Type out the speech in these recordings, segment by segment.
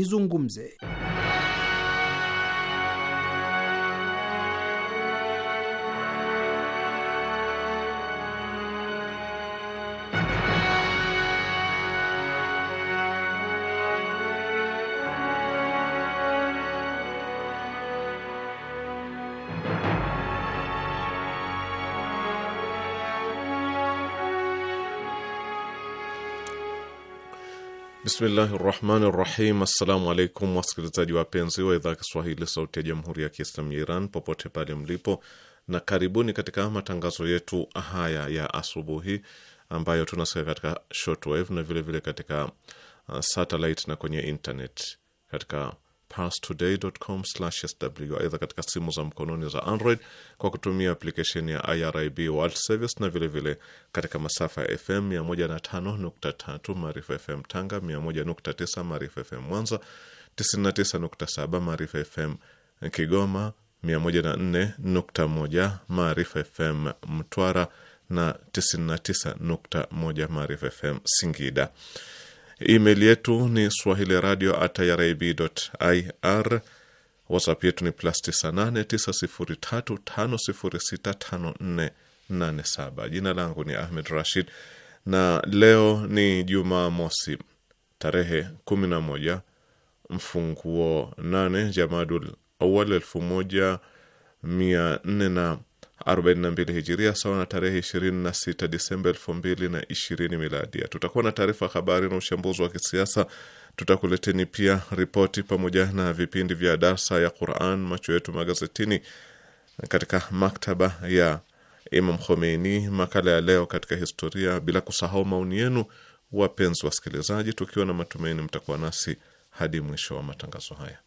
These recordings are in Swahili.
izungumze. Bismillahi rahmani rahim. Assalamu alaikum wasikilizaji wapenzi wa idhaa Kiswahili sauti ya jamhuri ya Kiislamu ya Iran popote pale mlipo, na karibuni katika matangazo yetu haya ya asubuhi ambayo tunasikia katika shortwave na vilevile vile katika uh, satellite na kwenye internet katika parstoday.com/sw. Aidha, katika simu za mkononi za Android kwa kutumia aplikesheni ya IRIB World Service na vilevile vile katika masafa ya FM 105.3 Maarifa FM Tanga, 101.9 Maarifa FM Mwanza, 99.7 Maarifa FM Kigoma, 104.1 Maarifa FM Mtwara na 99.1 Maarifa FM Singida. Email yetu ni swahili radio at irib.ir. WhatsApp yetu ni plus 989035065487. Jina langu ni Ahmed Rashid na leo ni Jumaa mosi tarehe 11 mfunguo 8 Jamadul Awal 1400 mia nne na 42 hijiria sawa na tarehe 26 Disemba 2020 miladia. Tutakuwa na taarifa habari na uchambuzi wa kisiasa. Tutakuleteni pia ripoti pamoja na vipindi vya darsa ya Quran, macho yetu magazetini, katika maktaba ya Imam Khomeini, makala ya leo katika historia, bila kusahau maoni yenu, wapenzi wasikilizaji, tukiwa na matumaini mtakuwa nasi hadi mwisho wa matangazo haya.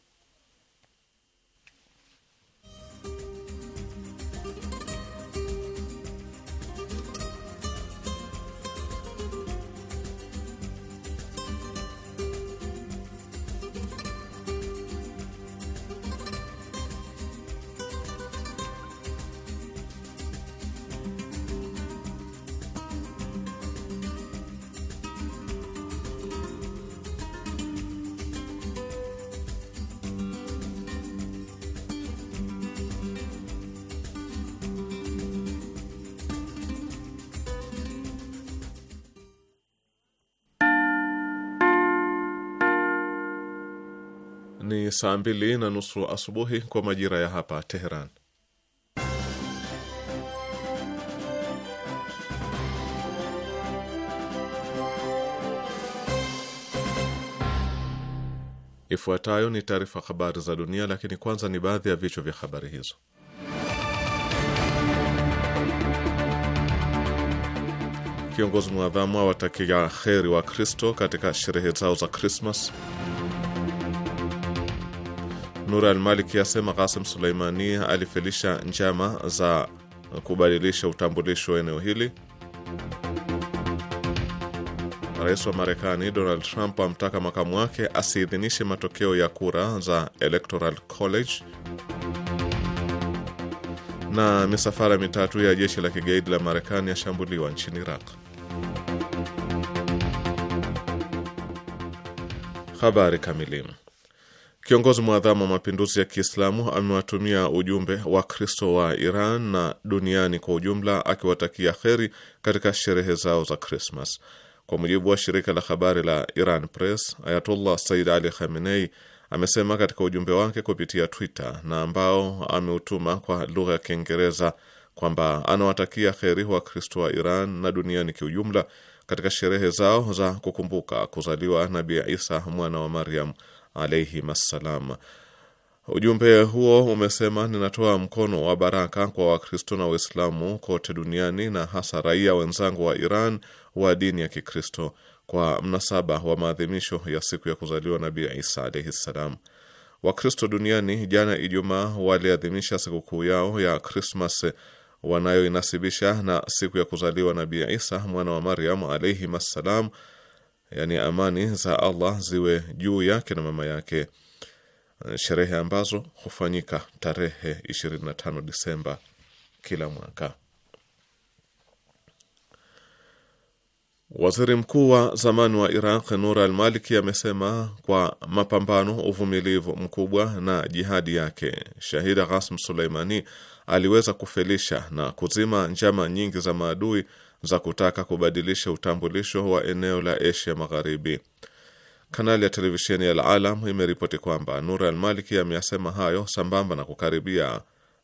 ni saa mbili na nusu asubuhi kwa majira ya hapa Teheran. Ifuatayo ni taarifa habari za dunia, lakini kwanza ni baadhi ya vichwa vya habari hizo. Kiongozi mwadhamu awatakia heri wa Kristo katika sherehe zao za Krismas. Nur Almaliki asema Kasim Suleimani alifilisha njama za kubadilisha utambulisho wa eneo hili. Rais wa Marekani Donald Trump amtaka makamu wake asiidhinishe matokeo ya kura za Electoral College. Na misafara mitatu ya jeshi la kigaidi la Marekani yashambuliwa nchini Iraq. Habari kamili Kiongozi mwadhamu wa mapinduzi ya Kiislamu amewatumia ujumbe Wakristo wa Iran na duniani kwa ujumla akiwatakia kheri katika sherehe zao za Krismas. Kwa mujibu wa shirika la habari la Iran Press, Ayatullah Said Ali Khamenei amesema katika ujumbe wake kupitia Twitter na ambao ameutuma kwa lugha ya Kiingereza kwamba anawatakia kheri Wakristo wa Iran na duniani kiujumla katika sherehe zao za kukumbuka kuzaliwa Nabii Isa mwana wa Mariam alaihim assalam. Ujumbe huo umesema, ninatoa mkono wa baraka kwa Wakristo na Waislamu kote duniani na hasa raia wenzangu wa Iran wa dini ya Kikristo kwa mnasaba wa maadhimisho ya siku ya kuzaliwa Nabii Isa alaihi ssalam. Wakristo duniani jana Ijumaa waliadhimisha sikukuu yao ya Krismas wanayoinasibisha na siku ya kuzaliwa Nabii Isa mwana wa Maryam alaihim assalam yani amani za Allah ziwe juu yake na mama yake, uh, sherehe ambazo hufanyika tarehe 25 Disemba kila mwaka. Waziri mkuu wa zamani wa Iraq Nur al-Maliki amesema kwa mapambano, uvumilivu mkubwa na jihadi yake, shahida Ghasm Suleimani aliweza kufelisha na kuzima njama nyingi za maadui za kutaka kubadilisha utambulisho wa eneo la Asia Magharibi. Kanali ya televisheni ya Alalam imeripoti kwamba Nur Al Maliki ameyasema hayo sambamba na kukaribia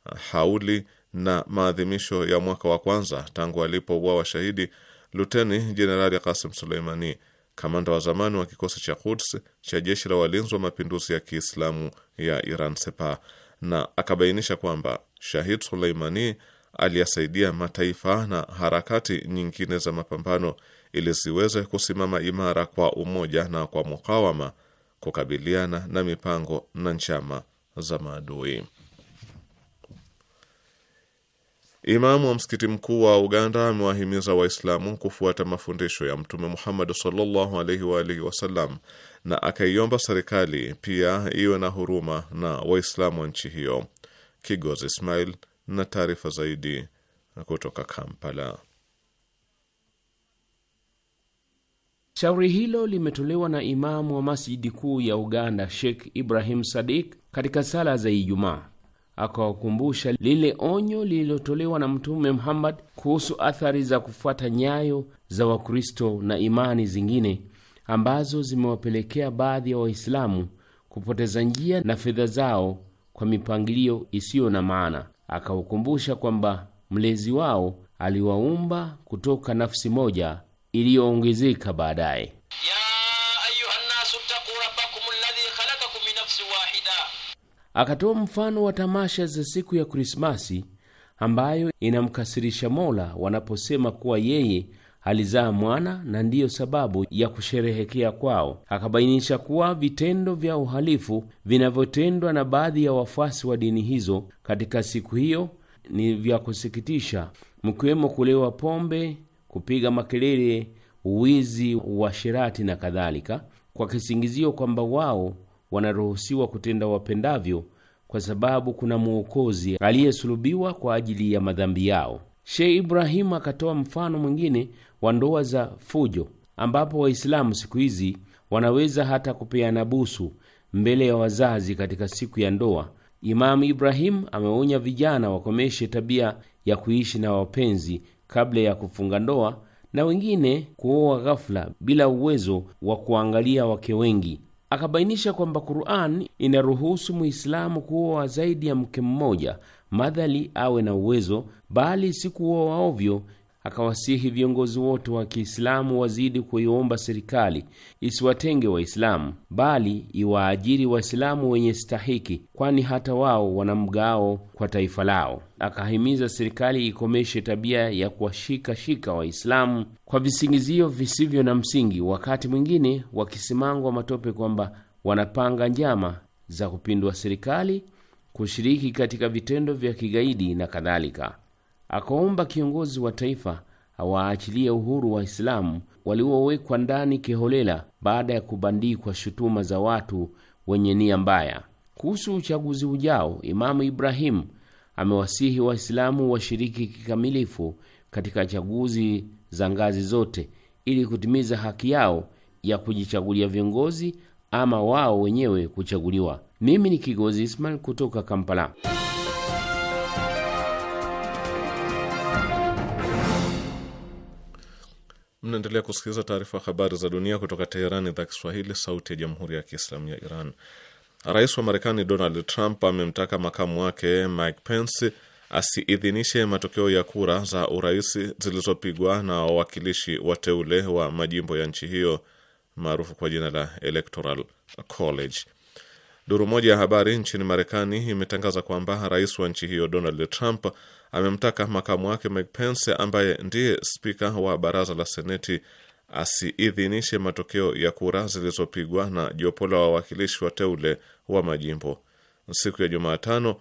uh, hauli na maadhimisho ya mwaka wa kwanza tangu alipouawa shahidi Luteni Jenerali Kasim Suleimani, kamanda wa zamani wa kikosi cha Quds cha jeshi la walinzi wa mapinduzi ya Kiislamu ya Iran Sepa, na akabainisha kwamba shahid Suleimani aliyasaidia mataifa na harakati nyingine za mapambano ili ziweze kusimama imara kwa umoja na kwa mukawama kukabiliana na mipango na njama za maadui. Imamu wa msikiti mkuu wa Uganda amewahimiza Waislamu kufuata mafundisho ya Mtume Muhammad sallallahu alaihi wa alihi wasallam na akaiomba serikali pia iwe na huruma na Waislamu wa nchi hiyo. Kigozi Ismail na taarifa zaidi kutoka Kampala. Shauri hilo limetolewa na imamu wa masjidi kuu ya Uganda, Sheikh Ibrahim Sadiq katika sala za Ijumaa, akawakumbusha lile onyo lililotolewa na Mtume Muhammad kuhusu athari za kufuata nyayo za Wakristo na imani zingine ambazo zimewapelekea baadhi ya wa Waislamu kupoteza njia na fedha zao kwa mipangilio isiyo na maana akaukumbusha kwamba mlezi wao aliwaumba kutoka nafsi moja iliyoongezeka baadaye. Akatoa mfano wa tamasha za siku ya Krismasi ambayo inamkasirisha Mola wanaposema kuwa yeye alizaa mwana na ndiyo sababu ya kusherehekea kwao. Akabainisha kuwa vitendo vya uhalifu vinavyotendwa na baadhi ya wafuasi wa dini hizo katika siku hiyo ni vya kusikitisha, mkiwemo kulewa pombe, kupiga makelele, uwizi, wa sherati na kadhalika, kwa kisingizio kwamba wao wanaruhusiwa kutenda wapendavyo kwa sababu kuna mwokozi aliyesulubiwa kwa ajili ya madhambi yao. Sheikh Ibrahimu akatoa mfano mwingine wa ndoa za fujo, ambapo Waislamu siku hizi wanaweza hata kupeana busu mbele ya wazazi katika siku ya ndoa. Imamu Ibrahimu ameonya vijana wakomeshe tabia ya kuishi na wapenzi kabla ya kufunga ndoa na wengine kuoa ghafla bila uwezo wa kuangalia wake wengi. Akabainisha kwamba Qur'an inaruhusu Muislamu kuoa zaidi ya mke mmoja madhali awe na uwezo, bali si kuoa ovyo, akawasihi viongozi wote wa Kiislamu wazidi kuiomba serikali isiwatenge Waislamu bali iwaajiri Waislamu wenye stahiki, kwani hata wao wana mgao kwa taifa lao. Akahimiza serikali ikomeshe tabia ya kuwashikashika Waislamu kwa visingizio visivyo na msingi, wakati mwingine wakisimangwa matope kwamba wanapanga njama za kupindua serikali, kushiriki katika vitendo vya kigaidi na kadhalika akaomba kiongozi wa taifa awaachilie uhuru Waislamu waliowekwa ndani kiholela baada ya kubandikwa shutuma za watu wenye nia mbaya. Kuhusu uchaguzi ujao, Imamu Ibrahimu amewasihi Waislamu washiriki kikamilifu katika chaguzi za ngazi zote ili kutimiza haki yao ya kujichagulia viongozi ama wao wenyewe kuchaguliwa. Mimi ni Kigozi Ismail kutoka Kampala. Mnaendelea kusikiliza taarifa ya habari za dunia kutoka Teherani, idhaa Kiswahili, sauti ya jamhuri ya kiislamu ya Iran. Rais wa Marekani Donald Trump amemtaka makamu wake Mike Pence asiidhinishe matokeo ya kura za urais zilizopigwa na wawakilishi wateule wa majimbo ya nchi hiyo maarufu kwa jina la Electoral College. Duru moja ya habari nchini Marekani imetangaza kwamba rais wa nchi hiyo Donald Trump amemtaka makamu wake Mike Pence ambaye ndiye spika wa baraza la seneti asiidhinishe matokeo ya kura zilizopigwa na jopo la wawakilishi wateule wa majimbo. Siku ya Jumatano,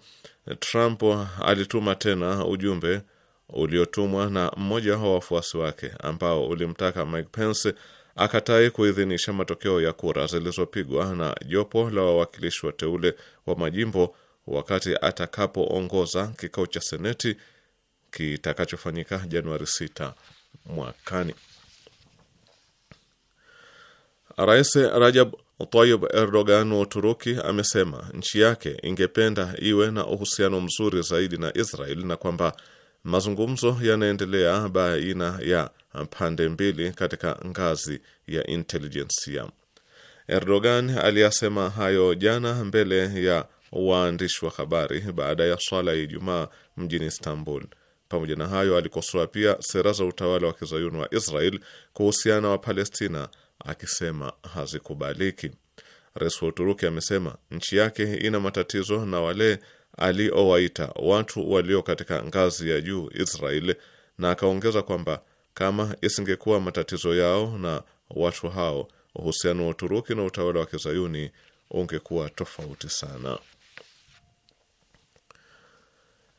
Trump alituma tena ujumbe uliotumwa na mmoja wa wafuasi wake ambao ulimtaka Mike Pence akatai kuidhinisha matokeo ya kura zilizopigwa na jopo la wawakilishi wateule wa majimbo wakati atakapoongoza kikao cha Seneti kitakachofanyika Januari 6 mwakani. Rais Rajab Tayyip Erdogan wa Uturuki amesema nchi yake ingependa iwe na uhusiano mzuri zaidi na Israel na kwamba mazungumzo yanaendelea baina ya pande mbili katika ngazi ya intelijensia. Erdogan aliyasema hayo jana mbele ya waandishi wa habari baada ya swala ya Ijumaa mjini Istanbul. Pamoja na hayo, alikosoa pia sera za utawala wa kizayuni wa Israel kuhusiana wa Palestina akisema hazikubaliki. Rais wa Uturuki amesema nchi yake ina matatizo na wale aliowaita watu walio katika ngazi ya juu Israel, na akaongeza kwamba kama isingekuwa matatizo yao na watu hao, uhusiano wa Uturuki na utawala wa kizayuni ungekuwa tofauti sana.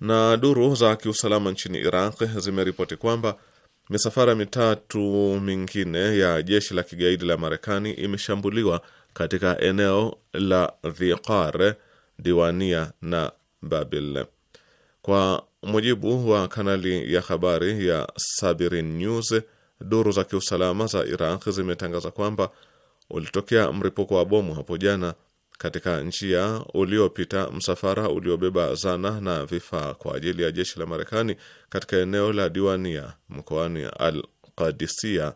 Na duru za kiusalama nchini Iraq zimeripoti kwamba misafara mitatu mingine ya jeshi la kigaidi la Marekani imeshambuliwa katika eneo la Dhiqar, Diwania na Babil. Kwa mujibu wa kanali ya habari ya Sabirin News, duru za kiusalama za Iraq zimetangaza kwamba ulitokea mripuko wa bomu hapo jana katika njia uliopita msafara uliobeba zana na vifaa kwa ajili ya jeshi la Marekani katika eneo la Diwania mkoani Al Qadisia.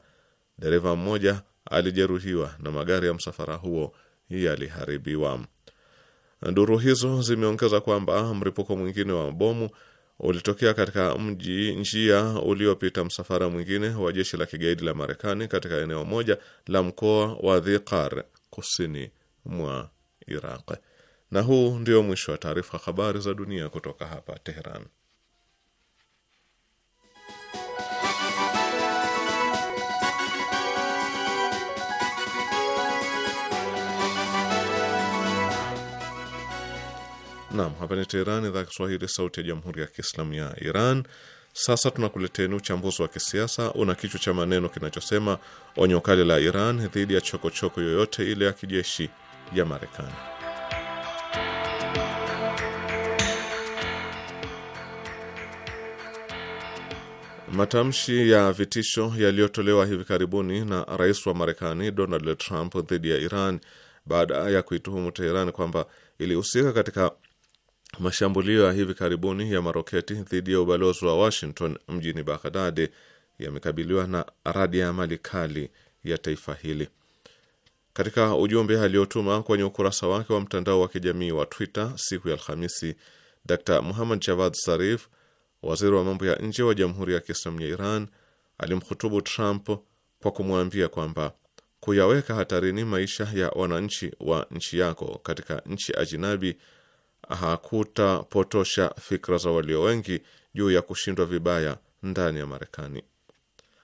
Dereva mmoja alijeruhiwa na magari ya msafara huo yaliharibiwa. Duru hizo zimeongeza kwamba mlipuko mwingine wa bomu ulitokea katika mji njia uliopita msafara mwingine wa jeshi la kigaidi la Marekani katika eneo moja la mkoa wa Dhiqar kusini mwa Iraq. Na huu ndio mwisho wa taarifa habari za dunia kutoka hapa Teheran. Naam, hapa ni Teheran, idhaa ya Kiswahili, sauti ya jamhuri ya kiislamu ya Iran. Sasa tunakuleteni uchambuzi wa kisiasa una kichwa cha maneno kinachosema onyo kali la Iran dhidi ya chokochoko yoyote ile ya kijeshi ya Marekani. Matamshi ya vitisho yaliyotolewa hivi karibuni na rais wa Marekani Donald Trump dhidi ya Iran baada ya kuituhumu Teheran kwamba ilihusika katika mashambulio ya hivi karibuni ya maroketi dhidi ya ubalozi wa Washington mjini Baghdad yamekabiliwa na radi ya mali kali ya taifa hili. Katika ujumbe aliotuma kwenye ukurasa wake wa mtandao wa kijamii wa Twitter siku ya Alhamisi, Dr Muhammad Javad Zarif, waziri wa mambo ya nje wa Jamhuri ya Kiislamu ya Iran, alimhutubu Trump kwa kumwambia kwamba kuyaweka hatarini maisha ya wananchi wa nchi yako katika nchi ajinabi hakutapotosha fikra za walio wengi juu ya kushindwa vibaya ndani ya Marekani.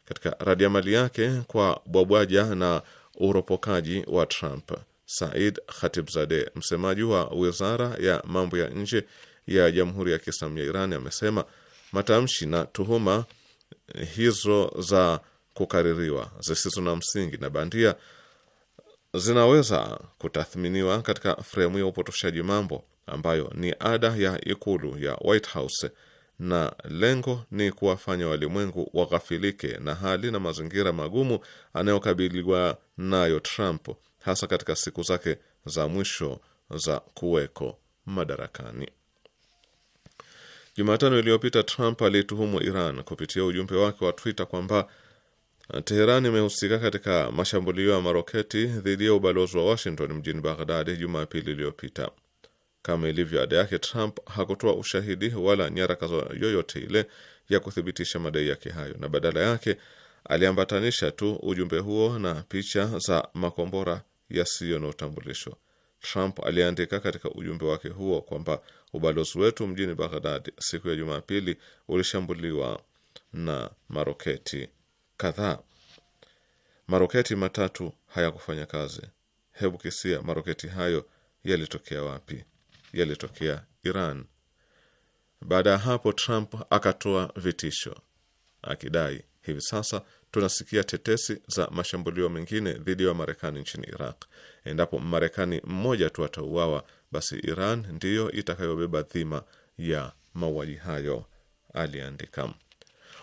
Katika radiamali yake kwa bwabwaja na uropokaji wa Trump. Said Khatibzade, msemaji wa wizara ya mambo ya nje ya Jamhuri ya Kiislamu ya Iran, amesema matamshi na tuhuma hizo za kukaririwa zisizo na msingi na bandia zinaweza kutathminiwa katika fremu ya upotoshaji mambo ambayo ni ada ya ikulu ya White House na lengo ni kuwafanya walimwengu waghafilike na hali na mazingira magumu anayokabiliwa nayo Trump hasa katika siku zake za mwisho za kuweko madarakani. Jumatano iliyopita Trump alituhumu Iran kupitia ujumbe wake wa Twitter kwamba eh, Teheran imehusika katika mashambulio ya maroketi dhidi ya ubalozi wa Washington mjini Baghdadi Jumapili iliyopita. Kama ilivyo ada yake, Trump hakutoa ushahidi wala nyaraka yoyote ile ya kuthibitisha madai yake hayo, na badala yake aliambatanisha tu ujumbe huo na picha za makombora yasiyo na utambulisho. Trump aliandika katika ujumbe wake huo kwamba ubalozi wetu mjini Baghdad siku ya Jumapili ulishambuliwa na maroketi kadhaa. Maroketi matatu hayakufanya kazi. Hebu kisia maroketi hayo yalitokea wapi? yalitokea Iran. Baada ya hapo, Trump akatoa vitisho akidai, hivi sasa tunasikia tetesi za mashambulio mengine dhidi ya Wamarekani nchini Iraq. Endapo Marekani mmoja tu atauawa, basi Iran ndiyo itakayobeba dhima ya mauaji hayo, aliandika.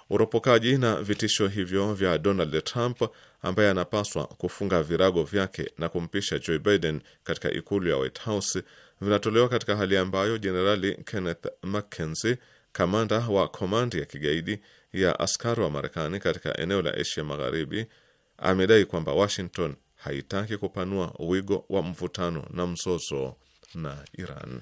Uropokaji na vitisho hivyo vya Donald Trump ambaye anapaswa kufunga virago vyake na kumpisha Joe Biden katika ikulu ya White House vinatolewa katika hali ambayo Jenerali Kenneth mackenzi kamanda wa komandi ya kigaidi ya askari wa Marekani katika eneo la Asia Magharibi, amedai kwamba Washington haitaki kupanua wigo wa mvutano na mzozo na Iran.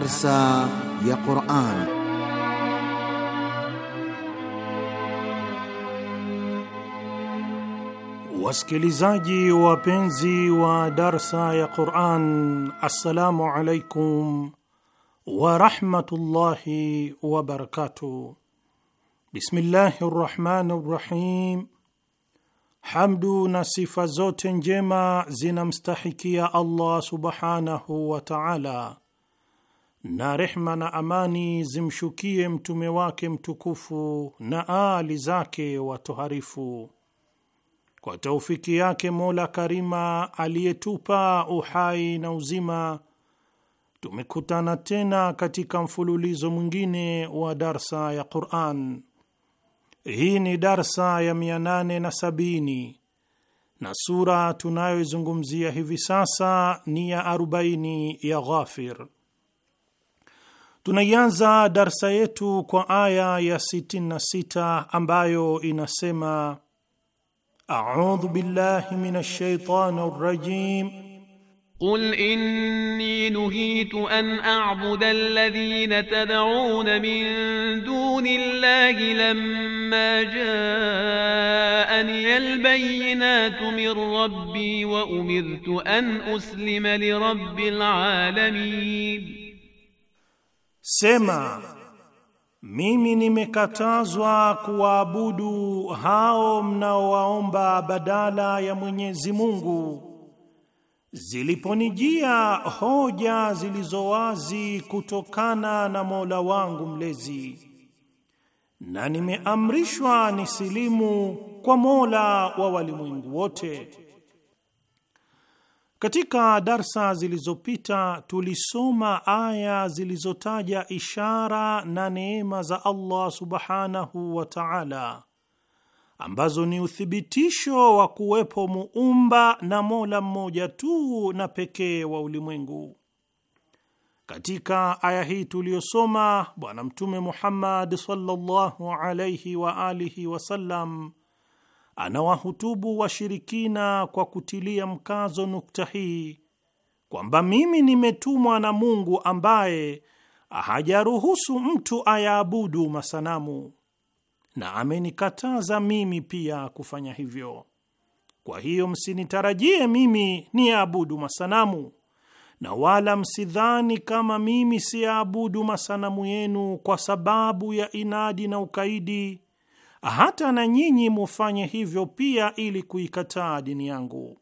Darsa ya Quran. Wasikilizaji wapenzi wa Darsa ya Quran, assalamu alaikum wa wabarakatuh wa barakatuh. Bismillahi rahmani rahim. Hamdu na sifa zote njema zinamstahikia Allah subhanahu wa ta'ala na rehma na amani zimshukie mtume wake mtukufu na aali zake watoharifu. Kwa taufiki yake Mola Karima aliyetupa uhai na uzima, tumekutana tena katika mfululizo mwingine wa darsa ya Quran. Hii ni darsa ya 870 na sura tunayoizungumzia hivi sasa ni ya 40 ya Ghafir. Tunaianza darsa yetu kwa aya ya 66 ambayo inasema: audhu billahi minash shaitani rajim qul inni nuhitu an a'buda alladhina tad'una min duni llahi lamma ja'ani albayyinatu min rabbi wa umirtu an uslima lirabbil alamin Sema, mimi nimekatazwa kuwaabudu hao mnaowaomba badala ya Mwenyezi Mungu. Ziliponijia hoja zilizo wazi kutokana na Mola wangu mlezi, na nimeamrishwa nisilimu kwa Mola wa walimwengu wote. Katika darsa zilizopita tulisoma aya zilizotaja ishara na neema za Allah subhanahu wa ta'ala ambazo ni uthibitisho wa kuwepo muumba na mola mmoja tu na pekee wa ulimwengu. Katika aya hii tuliyosoma, Bwana Mtume Muhammad sallallahu alayhi wa alihi wasallam anawahutubu washirikina kwa kutilia mkazo nukta hii kwamba mimi nimetumwa na Mungu ambaye hajaruhusu mtu ayaabudu masanamu na amenikataza mimi pia kufanya hivyo. Kwa hiyo msinitarajie mimi niyaabudu masanamu, na wala msidhani kama mimi siyaabudu masanamu yenu kwa sababu ya inadi na ukaidi hata na nyinyi mufanye hivyo pia, ili kuikataa dini yangu.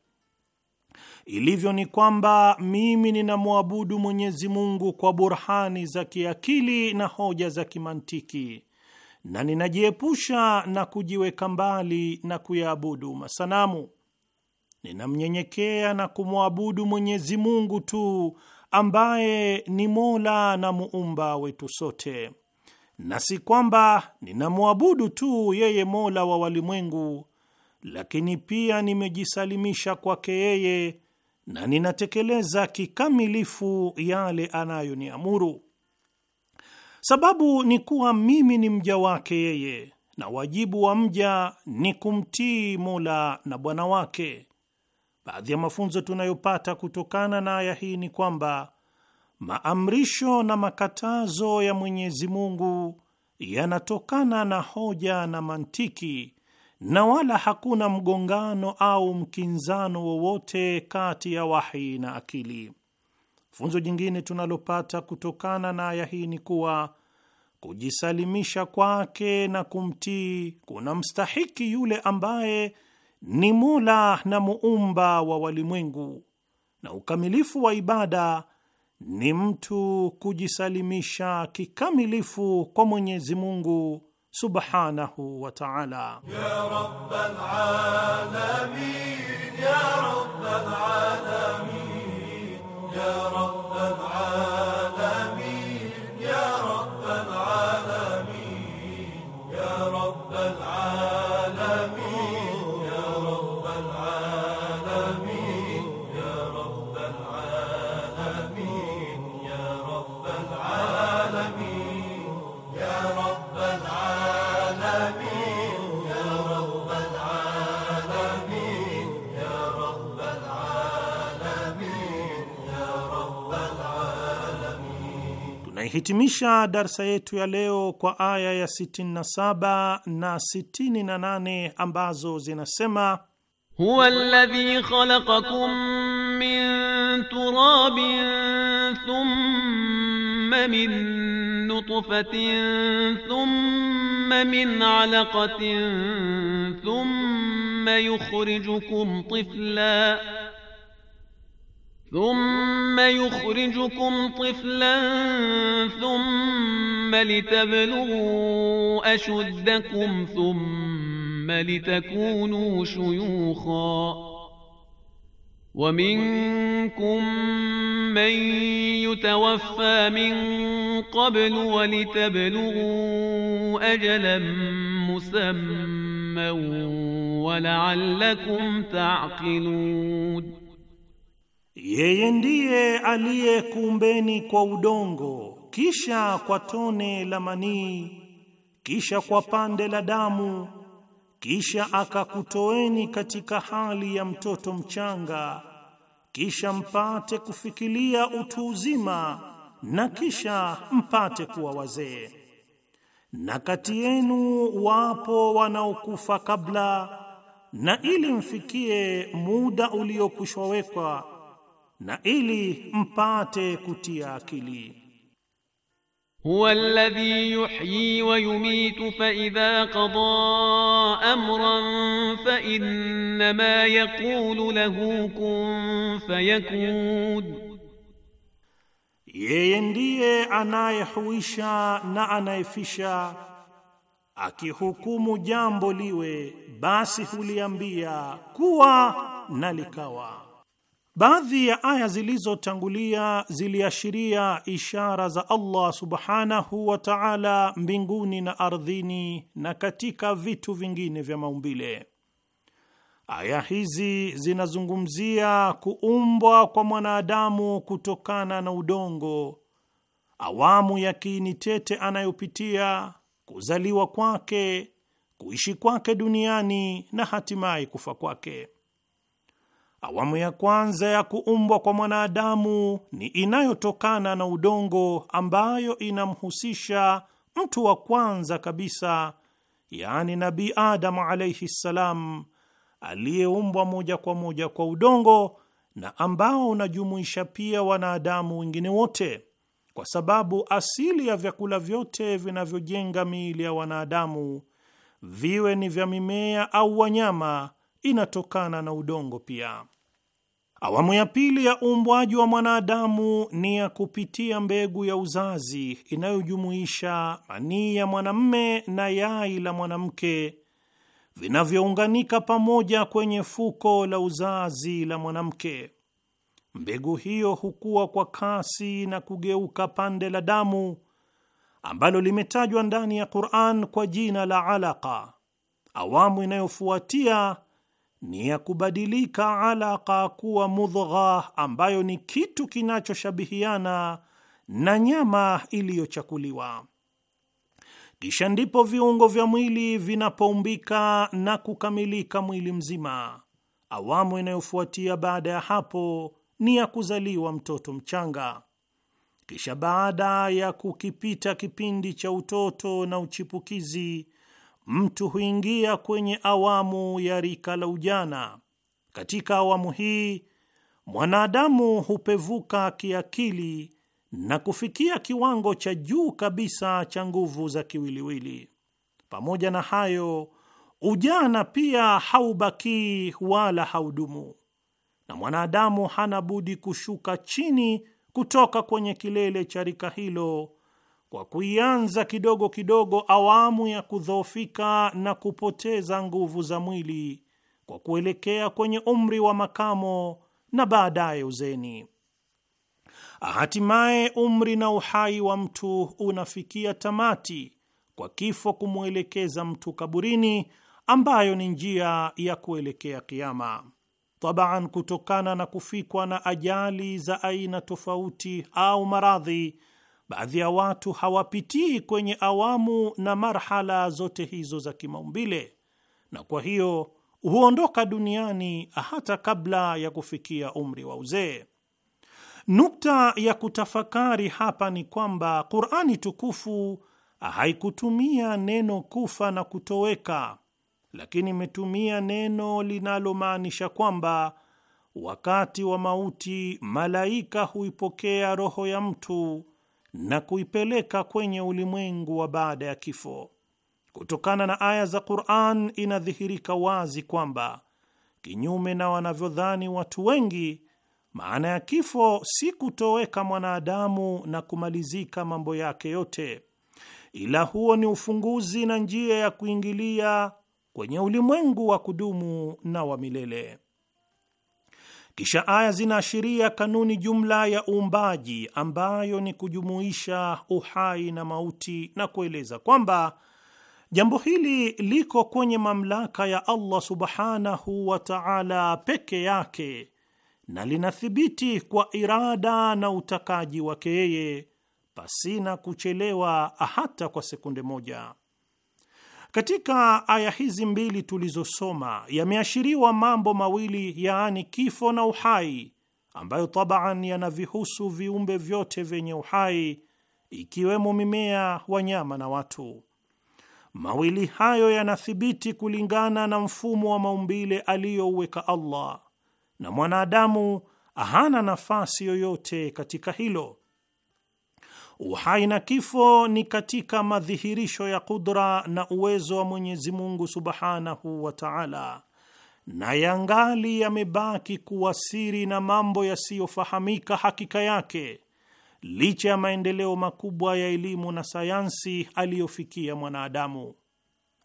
Ilivyo ni kwamba mimi ninamwabudu Mwenyezi Mungu kwa burhani za kiakili na hoja za kimantiki, na ninajiepusha na kujiweka mbali na kuyaabudu masanamu. Ninamnyenyekea na kumwabudu Mwenyezi Mungu tu ambaye ni Mola na muumba wetu sote na si kwamba ninamwabudu tu yeye Mola wa walimwengu, lakini pia nimejisalimisha kwake yeye na ninatekeleza kikamilifu yale anayoniamuru. Sababu ni kuwa mimi ni mja wake yeye, na wajibu wa mja ni kumtii Mola na bwana wake. Baadhi ya mafunzo tunayopata kutokana na aya hii ni kwamba maamrisho na makatazo ya Mwenyezi Mungu yanatokana na hoja na mantiki na wala hakuna mgongano au mkinzano wowote kati ya wahi na akili. Funzo jingine tunalopata kutokana na aya hii ni kuwa kujisalimisha kwake na kumtii kuna mstahiki yule ambaye ni Mola na muumba wa walimwengu, na ukamilifu wa ibada ni mtu kujisalimisha kikamilifu kwa Mwenyezi Mungu subhanahu wa ta'ala. Ya rabbal alamin, ya rabbal alamin, ya rabbal alamin, ya rabbal alamin, ya rabbal alamin tunahitimisha darsa yetu ya leo kwa aya ya 67 na 68 ambazo zinasema: huwa alladhi khalaqakum min turabin thumma min nutfatin thumma min alaqatin thumma yukhrijukum tifla ثم يخرجكم طفلا ثم لتبلغوا أشدكم ثم لتكونوا شيوخا ومنكم من يتوفى من قبل ولتبلغوا أجلا مسمى ولعلكم تعقلون Yeye ndiye aliyekuumbeni kwa udongo, kisha kwa tone la manii, kisha kwa pande la damu, kisha akakutoeni katika hali ya mtoto mchanga, kisha mpate kufikilia utu uzima, na kisha mpate kuwa wazee. Na kati yenu wapo wanaokufa kabla, na ili mfikie muda uliokwishawekwa na ili mpate kutia akili. Huwa alladhi yuhyi wa yumit fa idha qada amran fa ma yaqulu lahu kun fayakun, yeye ndiye anayehuisha na anayefisha, akihukumu jambo liwe, basi huliambia kuwa na likawa. Baadhi ya aya zilizotangulia ziliashiria ishara za Allah subhanahu wa ta'ala mbinguni na ardhini na katika vitu vingine vya maumbile. Aya hizi zinazungumzia kuumbwa kwa mwanadamu kutokana na udongo, awamu ya kiini tete anayopitia, kuzaliwa kwake, kuishi kwake duniani na hatimaye kufa kwake. Awamu ya kwanza ya kuumbwa kwa mwanadamu ni inayotokana na udongo, ambayo inamhusisha mtu wa kwanza kabisa, yaani Nabii Adamu alaihi ssalam, aliyeumbwa moja kwa moja kwa udongo na ambao unajumuisha pia wanadamu wengine wote, kwa sababu asili ya vyakula vyote vinavyojenga miili ya wanadamu, viwe ni vya mimea au wanyama, inatokana na udongo pia. Awamu ya pili ya uumbwaji wa mwanadamu ni ya kupitia mbegu ya uzazi inayojumuisha manii ya mwanamme na yai la mwanamke vinavyounganika pamoja kwenye fuko la uzazi la mwanamke. Mbegu hiyo hukua kwa kasi na kugeuka pande la damu ambalo limetajwa ndani ya Qur'an kwa jina la alaka. Awamu inayofuatia ni ya kubadilika alaka kuwa mudgha, ambayo ni kitu kinachoshabihiana na nyama iliyochakuliwa. Kisha ndipo viungo vya mwili vinapoumbika na kukamilika mwili mzima. Awamu inayofuatia baada ya hapo ni ya kuzaliwa mtoto mchanga. Kisha baada ya kukipita kipindi cha utoto na uchipukizi mtu huingia kwenye awamu ya rika la ujana. Katika awamu hii mwanadamu hupevuka kiakili na kufikia kiwango cha juu kabisa cha nguvu za kiwiliwili. Pamoja na hayo, ujana pia haubakii wala haudumu, na mwanadamu hana budi kushuka chini kutoka kwenye kilele cha rika hilo kwa kuianza kidogo kidogo awamu ya kudhoofika na kupoteza nguvu za mwili kwa kuelekea kwenye umri wa makamo na baadaye uzeni. Hatimaye umri na uhai wa mtu unafikia tamati kwa kifo kumwelekeza mtu kaburini, ambayo ni njia ya kuelekea kiama. Tabaan, kutokana na kufikwa na ajali za aina tofauti au maradhi baadhi ya watu hawapitii kwenye awamu na marhala zote hizo za kimaumbile, na kwa hiyo huondoka duniani hata kabla ya kufikia umri wa uzee. Nukta ya kutafakari hapa ni kwamba Qur'ani tukufu haikutumia neno kufa na kutoweka, lakini imetumia neno linalomaanisha kwamba wakati wa mauti malaika huipokea roho ya mtu na kuipeleka kwenye ulimwengu wa baada ya kifo. Kutokana na aya za Qur'an inadhihirika wazi kwamba kinyume na wanavyodhani watu wengi, maana ya kifo si kutoweka mwanadamu na kumalizika mambo yake yote, ila huo ni ufunguzi na njia ya kuingilia kwenye ulimwengu wa kudumu na wa milele. Kisha aya zinaashiria kanuni jumla ya uumbaji ambayo ni kujumuisha uhai na mauti, na kueleza kwamba jambo hili liko kwenye mamlaka ya Allah subhanahu wa ta'ala peke yake na linathibiti kwa irada na utakaji wake yeye pasina kuchelewa hata kwa sekunde moja. Katika aya hizi mbili tulizosoma yameashiriwa mambo mawili, yaani kifo na uhai, ambayo tabaan yanavihusu viumbe vyote vyenye uhai, ikiwemo mimea, wanyama na watu. Mawili hayo yanathibiti kulingana na mfumo wa maumbile aliyouweka Allah, na mwanadamu hana nafasi yoyote katika hilo, Uhai na kifo ni katika madhihirisho ya kudra na uwezo wa Mwenyezi Mungu subhanahu wa taala, na yangali yamebaki kuwa siri na mambo yasiyofahamika hakika yake, licha ya maendeleo makubwa ya elimu na sayansi aliyofikia mwanadamu.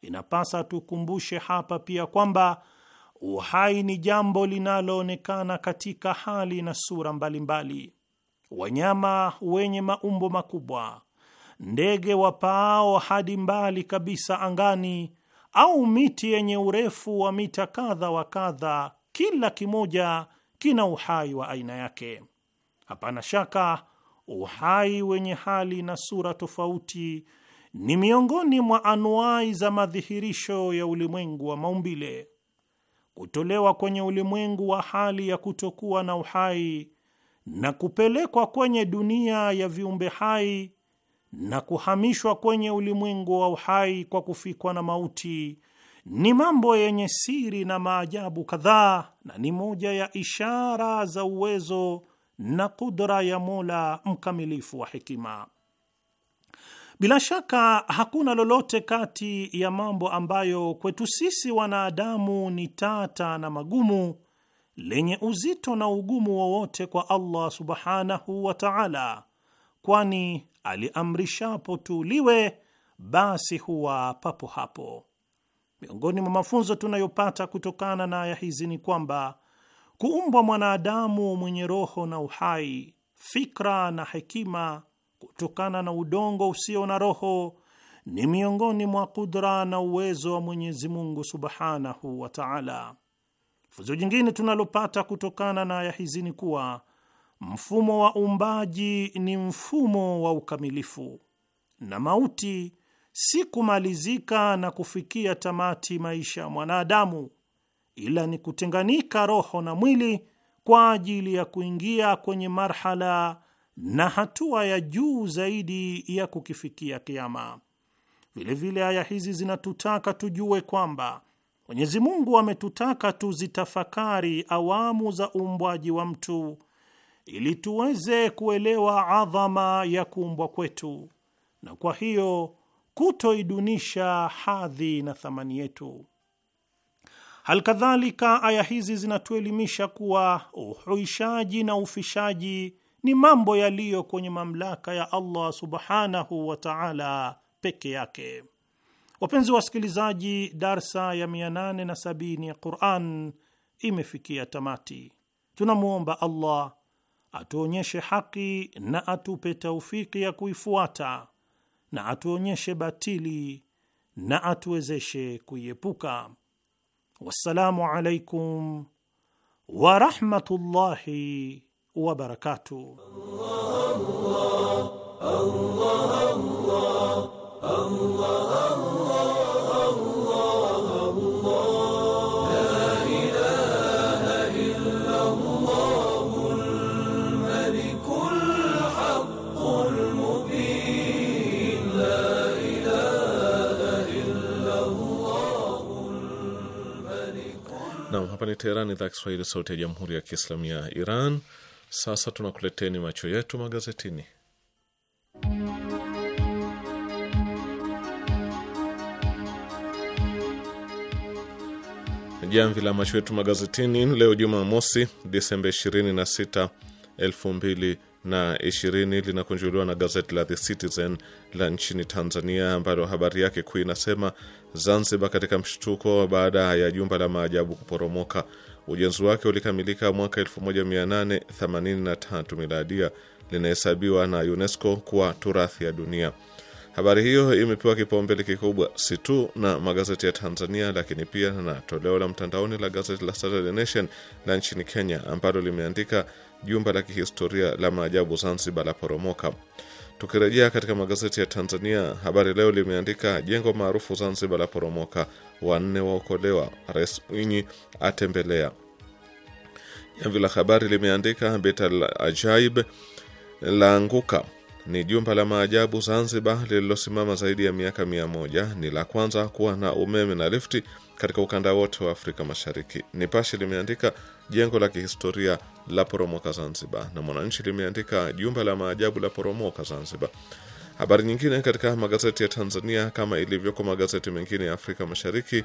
Inapasa tukumbushe hapa pia kwamba uhai ni jambo linaloonekana katika hali na sura mbalimbali mbali wanyama wenye maumbo makubwa, ndege wapaao hadi mbali kabisa angani, au miti yenye urefu wa mita kadha wa kadha, kila kimoja kina uhai wa aina yake. Hapana shaka uhai wenye hali na sura tofauti ni miongoni mwa anuai za madhihirisho ya ulimwengu wa maumbile. Kutolewa kwenye ulimwengu wa hali ya kutokuwa na uhai na kupelekwa kwenye dunia ya viumbe hai na kuhamishwa kwenye ulimwengu wa uhai kwa kufikwa na mauti ni mambo yenye siri na maajabu kadhaa, na ni moja ya ishara za uwezo na kudra ya Mola mkamilifu wa hekima. Bila shaka hakuna lolote kati ya mambo ambayo kwetu sisi wanadamu ni tata na magumu lenye uzito na ugumu wowote kwa Allah subhanahu wa ta'ala, kwani aliamrishapo tuuliwe basi huwa papo hapo. Miongoni mwa mafunzo tunayopata kutokana na aya hizi ni kwamba kuumbwa mwanadamu mwenye roho na uhai, fikra na hekima kutokana na udongo usio na roho ni miongoni mwa kudra na uwezo wa Mwenyezi Mungu subhanahu wa ta'ala. Funzo jingine tunalopata kutokana na aya hizi ni kuwa mfumo wa uumbaji ni mfumo wa ukamilifu na mauti si kumalizika na kufikia tamati maisha ya mwanadamu, ila ni kutenganika roho na mwili kwa ajili ya kuingia kwenye marhala na hatua ya juu zaidi ya kukifikia kiama. Vilevile aya hizi zinatutaka tujue kwamba Mwenyezi Mungu ametutaka tuzitafakari awamu za uumbwaji wa mtu ili tuweze kuelewa adhama ya kuumbwa kwetu, na kwa hiyo kutoidunisha hadhi na thamani yetu. Halkadhalika, aya hizi zinatuelimisha kuwa uhuishaji na ufishaji ni mambo yaliyo kwenye mamlaka ya Allah subhanahu wa ta'ala peke yake. Wapenzi wasikilizaji, darsa ya 870 ya Quran imefikia tamati. Tunamwomba Allah atuonyeshe haki na atupe taufiki ya kuifuata na atuonyeshe batili na atuwezeshe kuiepuka. Wassalamu alaikum warahmatullahi wabarakatuh. Allah, Allah, Allah, Allah, Allah. Hapa ni Teherani, idhaa Kiswahili, sauti ya jamhuri ya kiislamu ya Iran. Sasa tunakuleteni macho yetu magazetini. Jamvi la macho yetu magazetini leo Jumamosi, Disemba 26, 20 na 20 linakunjuliwa na gazeti la The Citizen la nchini Tanzania, ambalo habari yake kuu inasema Zanzibar katika mshtuko baada ya jumba la maajabu kuporomoka. Ujenzi wake ulikamilika mwaka 1883 miladia, linahesabiwa na UNESCO kuwa turathi ya dunia. Habari hiyo imepewa kipaumbele kikubwa si tu na magazeti ya Tanzania, lakini pia na toleo la mtandaoni la gazeti la Saturday Nation la nchini Kenya ambalo limeandika jumba la kihistoria la maajabu Zanzibar la poromoka. Tukirejea katika magazeti ya Tanzania, Habari Leo limeandika jengo maarufu Zanzibar la poromoka, wanne waokolewa, Rais Mwinyi atembelea. Jamvi la Habari limeandika Beta la Ajaib laanguka ni jumba la maajabu Zanzibar lililosimama zaidi ya miaka mia moja ni la kwanza kuwa na umeme na lifti katika ukanda wote wa Afrika Mashariki. Nipashe limeandika jengo la kihistoria la poromoka Zanzibar, na Mwananchi limeandika jumba la maajabu la poromoka Zanzibar. Habari nyingine katika magazeti ya Tanzania kama ilivyo kwa magazeti mengine ya Afrika Mashariki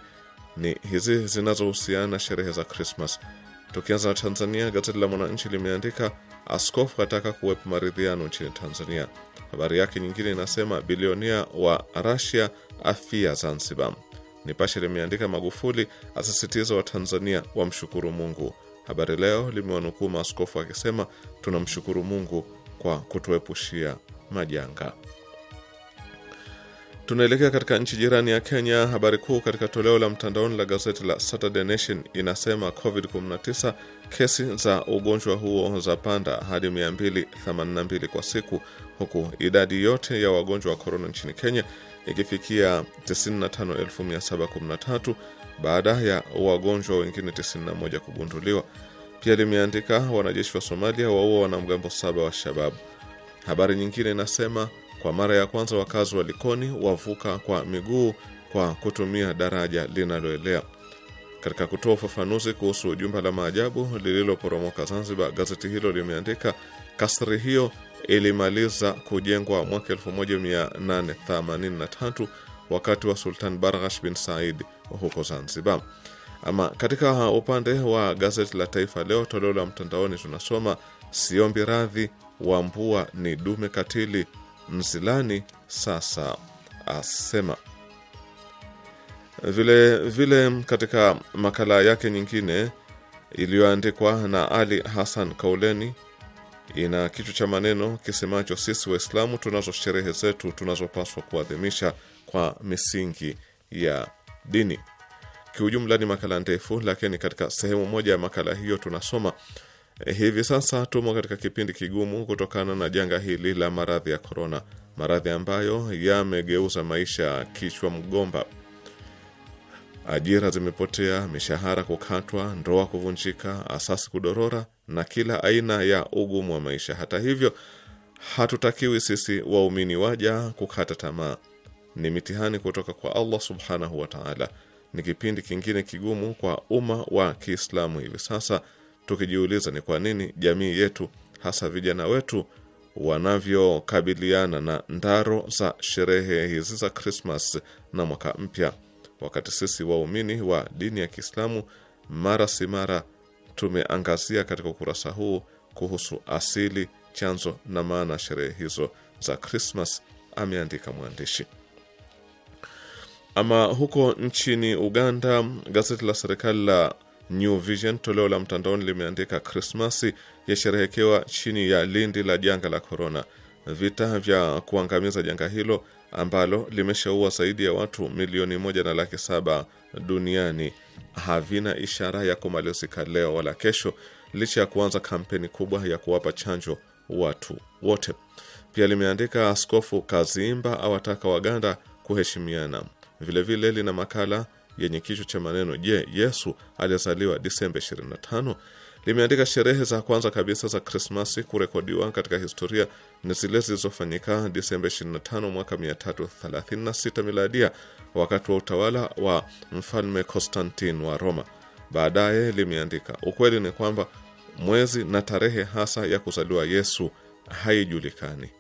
ni hizi zinazohusiana na sherehe za Krismas. Tukianza na Tanzania, gazeti la Mwananchi limeandika askofu ataka kuwepo maridhiano nchini Tanzania. Habari yake nyingine inasema bilionia wa Rasia afia Zanzibar. Nipashe limeandika Magufuli asisitiza wa Tanzania wamshukuru Mungu. Habari Leo limewanukuu maaskofu akisema tunamshukuru Mungu kwa kutuepushia majanga. Tunaelekea katika nchi jirani ya Kenya. Habari kuu katika toleo la mtandaoni la gazeti la Saturday Nation inasema COVID-19 kesi za ugonjwa huo za panda hadi 282 kwa siku, huku idadi yote ya wagonjwa wa korona nchini Kenya ikifikia 95713 baada ya wagonjwa wengine 91 kugunduliwa. Pia limeandika wanajeshi wa Somalia waua wanamgambo saba wa Shababu. Habari nyingine inasema kwa mara ya kwanza wakazi wa Likoni wavuka kwa miguu kwa kutumia daraja linaloelea. Katika kutoa ufafanuzi kuhusu jumba la maajabu lililoporomoka Zanzibar, gazeti hilo limeandika kasri hiyo ilimaliza kujengwa mwaka 1883 wakati wa Sultan Barghash bin Said huko Zanzibar. Ama katika upande wa gazeti la Taifa Leo toleo la mtandaoni tunasoma siombi radhi, wa mbua ni dume katili, Mzilani sasa asema vile vile katika makala yake nyingine iliyoandikwa na Ali Hassan Kauleni ina kichwa cha maneno kisemacho, sisi Waislamu tunazo sherehe zetu tunazopaswa kuadhimisha, kwa misingi ya dini. Kiujumla ni makala ndefu, lakini katika sehemu moja ya makala hiyo tunasoma eh, hivi sasa tumo katika kipindi kigumu kutokana na janga hili la maradhi ya korona, maradhi ambayo yamegeuza maisha kichwa mgomba. Ajira zimepotea, mishahara kukatwa, ndoa kuvunjika, asasi kudorora na kila aina ya ugumu wa maisha. Hata hivyo, hatutakiwi sisi waumini waja kukata tamaa ni mitihani kutoka kwa Allah subhanahu wa taala. Ni kipindi kingine kigumu kwa umma wa Kiislamu hivi sasa, tukijiuliza ni kwa nini jamii yetu hasa vijana wetu wanavyokabiliana na ndaro za sherehe hizi za Krismas na mwaka mpya, wakati sisi waumini wa dini ya Kiislamu mara si mara tumeangazia katika ukurasa huu kuhusu asili, chanzo na maana sherehe hizo za Krismas, ameandika mwandishi. Ama huko nchini Uganda, gazeti la serikali la New Vision toleo la mtandaoni limeandika Krismasi yasherehekewa chini ya lindi la janga la korona. Vita vya kuangamiza janga hilo ambalo limeshaua zaidi ya watu milioni moja na laki saba duniani havina ishara ya kumalizika leo wala kesho, licha ya kuanza kampeni kubwa ya kuwapa chanjo watu wote. Pia limeandika Askofu Kazimba awataka Waganda kuheshimiana. Vilevile vile lina makala yenye kichwa cha maneno Je, Yesu alizaliwa Disemba 25? Limeandika sherehe za kwanza kabisa za Krismasi kurekodiwa katika historia na zile zilizofanyika Disemba 25 mwaka 336 miladia, wakati wa utawala wa mfalme Konstantin wa Roma. Baadaye limeandika ukweli ni kwamba mwezi na tarehe hasa ya kuzaliwa Yesu haijulikani.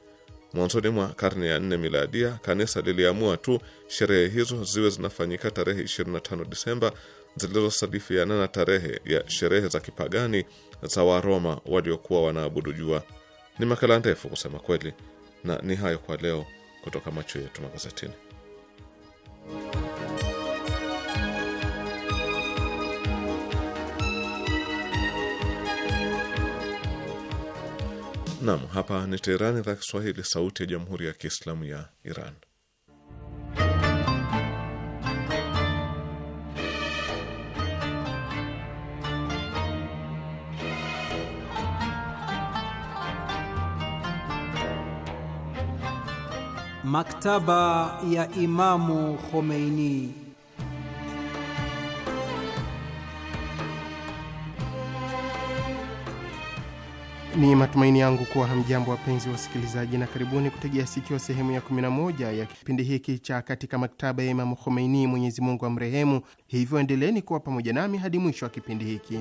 Mwanzoni mwa karne ya nne miladia, kanisa liliamua tu sherehe hizo ziwe zinafanyika tarehe 25 Disemba zilizosadifiana na tarehe ya sherehe za kipagani za Waroma waliokuwa wanaabudu jua. Ni makala ndefu kusema kweli, na ni hayo kwa leo kutoka macho yetu magazetini. Naam, hapa ni Teherani, idhaa Kiswahili, sauti ya jamhuri ya kiislamu ya Iran. Maktaba ya Imamu Khomeini. Ni matumaini yangu kuwa hamjambo wapenzi wasikilizaji, na karibuni kutegea sikio sehemu ya 11 ya kipindi hiki cha katika maktaba ya Imamu Khomeini, Mwenyezi Mungu amrehemu. Hivyo endeleeni kuwa pamoja nami hadi mwisho wa kipindi hiki.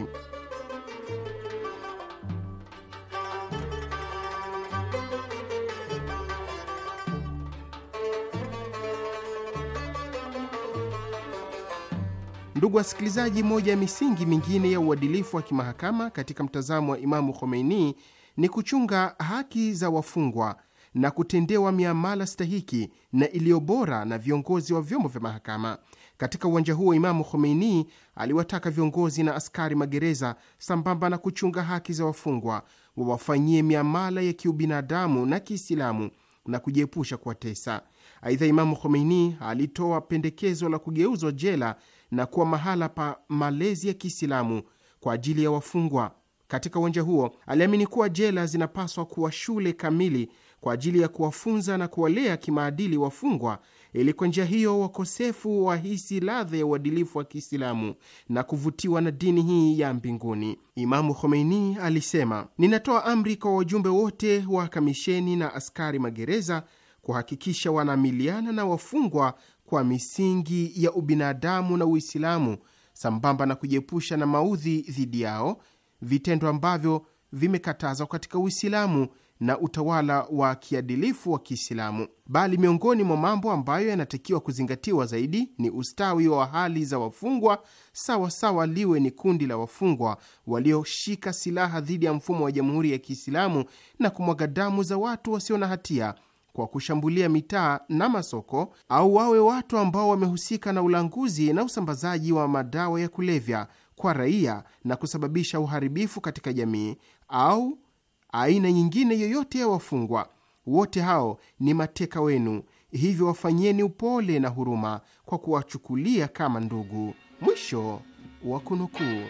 Ndugu wasikilizaji, moja ya misingi mingine ya uadilifu wa kimahakama katika mtazamo wa Imamu Khomeini ni kuchunga haki za wafungwa na kutendewa miamala stahiki na iliyo bora na viongozi wa vyombo vya mahakama. Katika uwanja huo, Imamu Khomeini aliwataka viongozi na askari magereza, sambamba na kuchunga haki za wafungwa, wawafanyie miamala ya kiubinadamu na Kiislamu na kujiepusha kuwatesa. Aidha, Imamu Khomeini alitoa pendekezo la kugeuzwa jela na kuwa mahala pa malezi ya Kiislamu kwa ajili ya wafungwa. Katika uwanja huo, aliamini kuwa jela zinapaswa kuwa shule kamili kwa ajili ya kuwafunza na kuwalea kimaadili wafungwa, ili kwa njia hiyo wakosefu wahisi ladha ya uadilifu wa Kiislamu na kuvutiwa na dini hii ya mbinguni. Imamu Khomeini alisema, ninatoa amri kwa wajumbe wote wa kamisheni na askari magereza kuhakikisha wanaamiliana na wafungwa kwa misingi ya ubinadamu na Uislamu, sambamba na kujiepusha na maudhi dhidi yao, vitendo ambavyo vimekatazwa katika Uislamu na utawala wa kiadilifu wa Kiislamu. Bali miongoni mwa mambo ambayo yanatakiwa kuzingatiwa zaidi ni ustawi wa hali za wafungwa, sawa sawa liwe ni kundi la wafungwa walioshika silaha dhidi ya mfumo wa Jamhuri ya Kiislamu na kumwaga damu za watu wasio na hatia kwa kushambulia mitaa na masoko au wawe watu ambao wamehusika na ulanguzi na usambazaji wa madawa ya kulevya kwa raia na kusababisha uharibifu katika jamii au aina nyingine yoyote ya wafungwa, wote hao ni mateka wenu, hivyo wafanyeni upole na huruma kwa kuwachukulia kama ndugu. Mwisho wa kunukuu.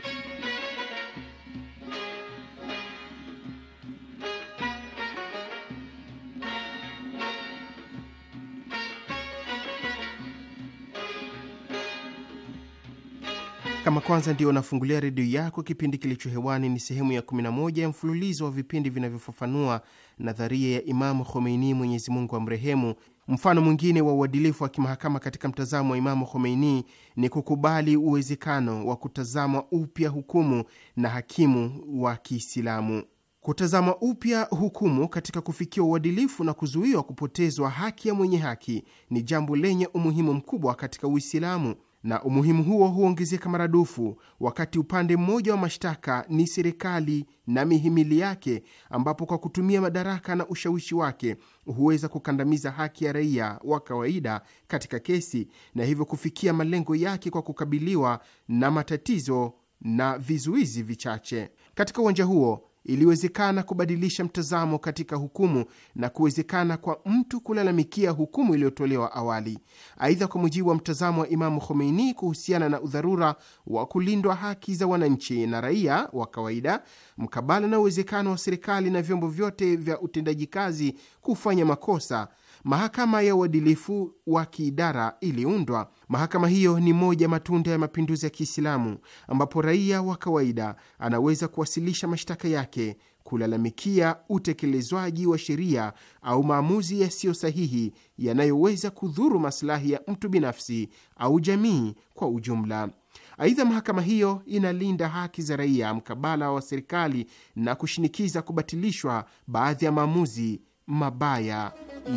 Kama kwanza ndio unafungulia redio yako, kipindi kilicho hewani ni sehemu ya 11 ya mfululizo wa vipindi vinavyofafanua nadharia ya Imamu Khomeini, Mwenyezi Mungu amrehemu. Mfano mwingine wa uadilifu wa kimahakama katika mtazamo wa Imamu Khomeini ni kukubali uwezekano wa kutazamwa upya hukumu na hakimu wa Kiislamu. Kutazama upya hukumu katika kufikia uadilifu na kuzuiwa kupotezwa haki ya mwenye haki ni jambo lenye umuhimu mkubwa katika Uislamu, na umuhimu huo huongezeka maradufu wakati upande mmoja wa mashtaka ni serikali na mihimili yake, ambapo kwa kutumia madaraka na ushawishi wake huweza kukandamiza haki ya raia wa kawaida katika kesi, na hivyo kufikia malengo yake kwa kukabiliwa na matatizo na vizuizi vichache. Katika uwanja huo iliwezekana kubadilisha mtazamo katika hukumu na kuwezekana kwa mtu kulalamikia hukumu iliyotolewa awali. Aidha, kwa mujibu wa mtazamo wa Imamu Khomeini kuhusiana na udharura wa kulindwa haki za wananchi na raia wa kawaida, mkabala na uwezekano wa serikali na vyombo vyote vya utendaji kazi kufanya makosa mahakama ya uadilifu wa kiidara iliundwa. Mahakama hiyo ni moja matunda ya mapinduzi ya Kiislamu, ambapo raia wa kawaida anaweza kuwasilisha mashtaka yake, kulalamikia utekelezwaji wa sheria au maamuzi yasiyo sahihi yanayoweza kudhuru masilahi ya mtu binafsi au jamii kwa ujumla. Aidha, mahakama hiyo inalinda haki za raia mkabala wa serikali na kushinikiza kubatilishwa baadhi ya maamuzi mabaya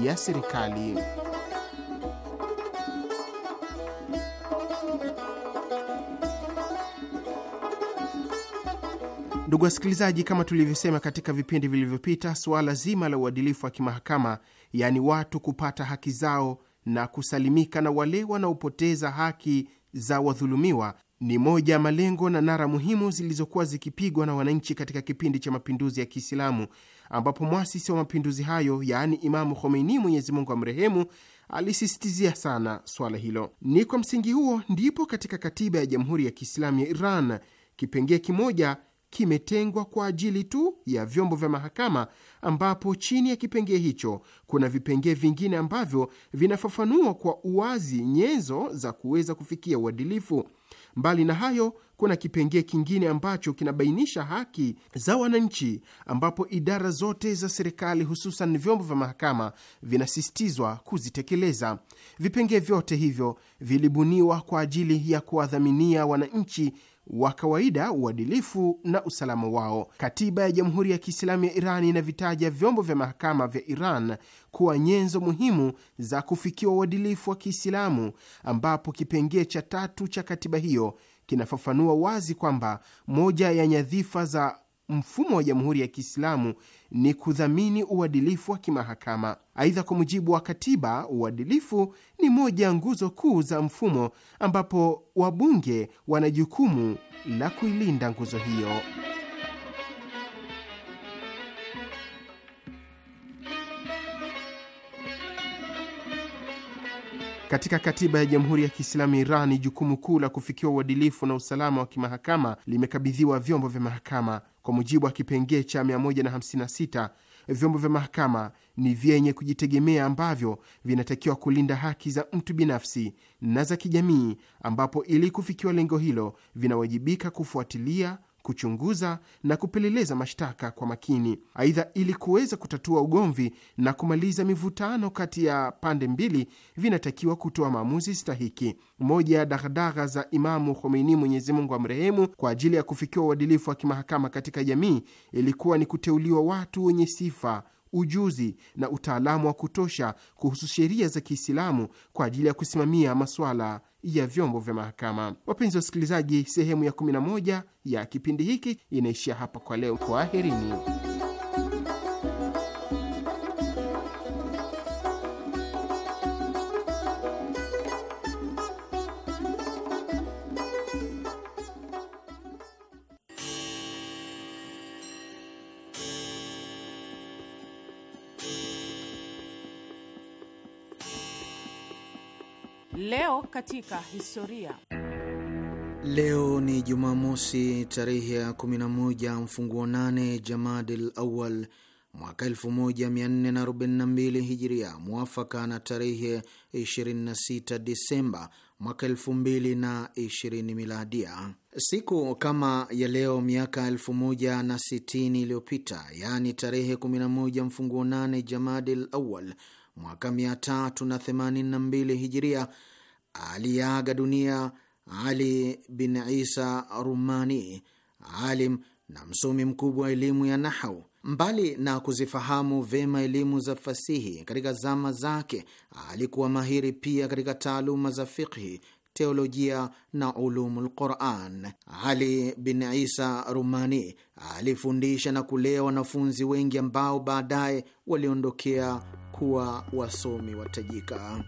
ya serikali. Ndugu wasikilizaji, kama tulivyosema katika vipindi vilivyopita, suala zima la uadilifu wa kimahakama, yaani watu kupata haki zao na kusalimika na wale wanaopoteza haki za wadhulumiwa, ni moja ya malengo na nara muhimu zilizokuwa zikipigwa na wananchi katika kipindi cha mapinduzi ya Kiislamu ambapo mwasisi wa mapinduzi hayo yaani Imamu Khomeini, Mwenyezi Mungu amrehemu, alisisitizia sana swala hilo. Ni kwa msingi huo ndipo katika katiba ya Jamhuri ya Kiislamu ya Iran kipengee kimoja kimetengwa kwa ajili tu ya vyombo vya mahakama, ambapo chini ya kipengee hicho kuna vipengee vingine ambavyo vinafafanua kwa uwazi nyenzo za kuweza kufikia uadilifu. Mbali na hayo, kuna kipengee kingine ambacho kinabainisha haki za wananchi, ambapo idara zote za serikali, hususan vyombo vya mahakama, vinasisitizwa kuzitekeleza. Vipengee vyote hivyo vilibuniwa kwa ajili ya kuwadhaminia wananchi wa kawaida, uadilifu na usalama wao. Katiba ya Jamhuri ya Kiislamu ya Iran inavitaja vyombo vya mahakama vya Iran kuwa nyenzo muhimu za kufikiwa uadilifu wa Kiislamu, ambapo kipengee cha tatu cha katiba hiyo kinafafanua wazi kwamba moja ya nyadhifa za mfumo wa Jamhuri ya Kiislamu ni kudhamini uadilifu wa kimahakama. Aidha, kwa mujibu wa katiba, uadilifu ni moja ya nguzo kuu za mfumo, ambapo wabunge wana jukumu la kuilinda nguzo hiyo. Katika katiba ya Jamhuri ya Kiislamu Irani, jukumu kuu la kufikiwa uadilifu na usalama wa kimahakama limekabidhiwa vyombo vya mahakama. Kwa mujibu wa kipengee cha 156 vyombo vya mahakama ni vyenye kujitegemea ambavyo vinatakiwa kulinda haki za mtu binafsi na za kijamii, ambapo ili kufikiwa lengo hilo vinawajibika kufuatilia kuchunguza na kupeleleza mashtaka kwa makini. Aidha, ili kuweza kutatua ugomvi na kumaliza mivutano kati ya pande mbili, vinatakiwa kutoa maamuzi stahiki. Moja ya daghdagha za Imamu Khomeini, Mwenyezi Mungu amrehemu, kwa ajili ya kufikiwa uadilifu wa kimahakama katika jamii ilikuwa ni kuteuliwa watu wenye sifa ujuzi na utaalamu wa kutosha kuhusu sheria za Kiislamu kwa ajili ya kusimamia masuala ya vyombo vya mahakama. Wapenzi wa wasikilizaji, sehemu ya 11 ya kipindi hiki inaishia hapa kwa leo. Kwaherini. katika historia. Leo ni Jumamosi tarehe ya 11 mfunguo 8 Jamadil Awal mwaka 1442 Hijiria, mwafaka na tarehe 26 Disemba mwaka 2020 Miladia. Siku kama ya leo miaka 1060 iliyopita, yaani tarehe 11 mfunguo 8 Jamadil Awal mwaka 382 Hijiria aliaga dunia Ali bin Isa Rumani, alim na msomi mkubwa wa elimu ya nahau. Mbali na kuzifahamu vema elimu za fasihi katika zama zake, alikuwa mahiri pia katika taaluma za fiqhi, teolojia na ulumu lquran. Ali bin Isa Rumani alifundisha na kulea wanafunzi wengi ambao baadaye waliondokea kuwa wasomi watajika.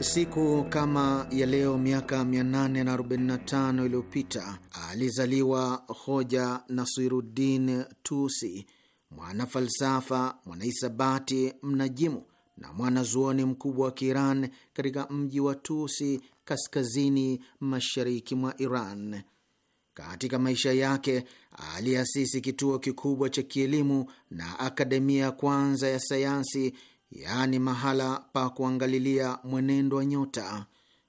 Siku kama ya leo miaka 845 iliyopita alizaliwa hoja Nasiruddin Tusi, mwana falsafa, mwanahisabati, mnajimu na mwanazuoni mkubwa wa Kiiran katika mji wa Tusi kaskazini mashariki mwa Iran. Katika maisha yake aliasisi kituo kikubwa cha kielimu na akademia ya kwanza ya sayansi yaani mahala pa kuangalilia mwenendo wa nyota,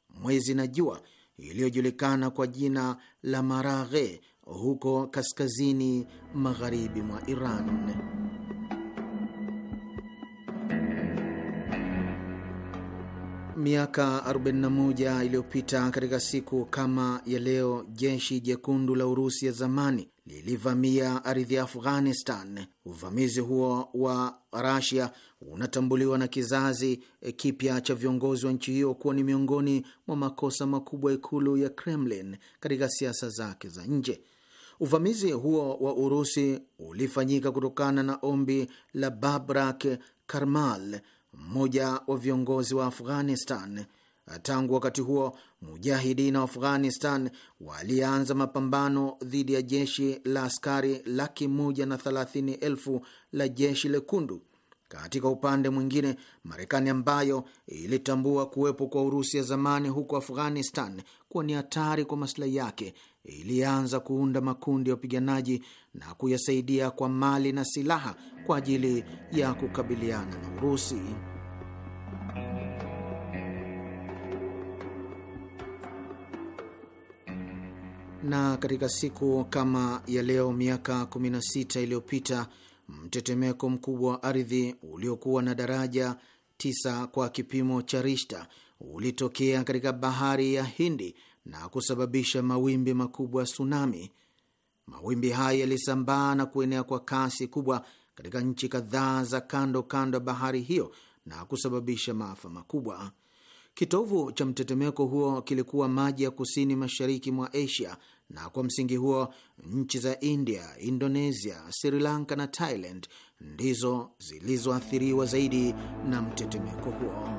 mwezi na jua, iliyojulikana kwa jina la Maraghe huko kaskazini magharibi mwa Iran. Miaka 41 iliyopita katika siku kama ya leo, jeshi jekundu la Urusi ya zamani lilivamia ardhi ya Afghanistan. Uvamizi huo wa Rasia unatambuliwa na kizazi kipya cha viongozi wa nchi hiyo kuwa ni miongoni mwa makosa makubwa ikulu ya Kremlin katika siasa zake za nje. Uvamizi huo wa Urusi ulifanyika kutokana na ombi la Babrak Karmal, mmoja wa viongozi wa Afghanistan. Tangu wakati huo mujahidina wa Afghanistan walianza mapambano dhidi ya jeshi la askari laki moja na thelathini elfu la jeshi lekundu. Katika upande mwingine, Marekani ambayo ilitambua kuwepo kwa Urusi ya zamani huko Afghanistan kuwa ni hatari kwa masilahi yake, ilianza kuunda makundi ya wapiganaji na kuyasaidia kwa mali na silaha kwa ajili ya kukabiliana na Urusi. Na katika siku kama ya leo miaka 16 iliyopita mtetemeko mkubwa wa ardhi uliokuwa na daraja 9 kwa kipimo cha Rishta ulitokea katika bahari ya Hindi na kusababisha mawimbi makubwa ya tsunami. Mawimbi haya yalisambaa na kuenea kwa kasi kubwa katika nchi kadhaa za kando kando ya bahari hiyo na kusababisha maafa makubwa. Kitovu cha mtetemeko huo kilikuwa maji ya kusini mashariki mwa Asia, na kwa msingi huo nchi za India, Indonesia, Sri Lanka na Thailand ndizo zilizoathiriwa zaidi na mtetemeko huo.